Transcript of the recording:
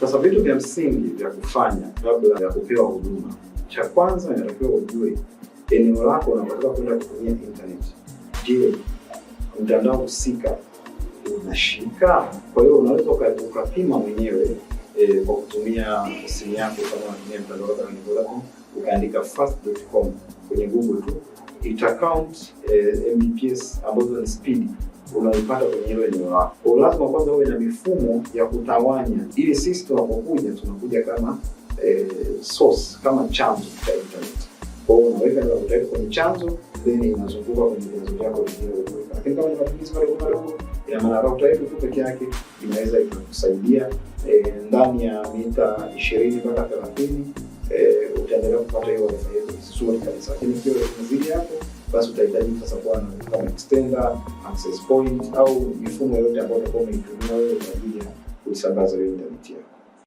Sasa vitu vya msingi vya kufanya kabla ya kupewa huduma, cha kwanza inatakiwa ujue eneo lako unapotaka kwenda kutumia internet. Je, mtandao husika unashika? Kwa hiyo unaweza ukapima mwenyewe eh, kwa kutumia simu yako kama unatumia mtandao ukaandika fast.com kwenye Google tu ita count eh, Mbps ambazo ni speed unaipata kwenye hilo eneo lako. Kwa lazima kwanza uwe na mifumo ya kutawanya, ili sisi tunapokuja tunakuja kama eh, source kama chanzo cha internet. Kwa hiyo unaweka ndio utaweka kwenye chanzo then inazunguka kwenye vyanzo vyako vingine Lakini kama ni matumizi madogo madogo, ya maana rauta yetu tu peke yake inaweza ikakusaidia eh, ndani ya mita ishirini mpaka thelathini eh, utaendelea kupata hiyo wifi yetu isisumbuke kabisa, lakini pia basi utahitaji sasa kuwa na extender, access point au mifumo yoyote ambayo utakuwa umeitumia wewe kwa ajili ya kuisambaza hiyo intaneti yako.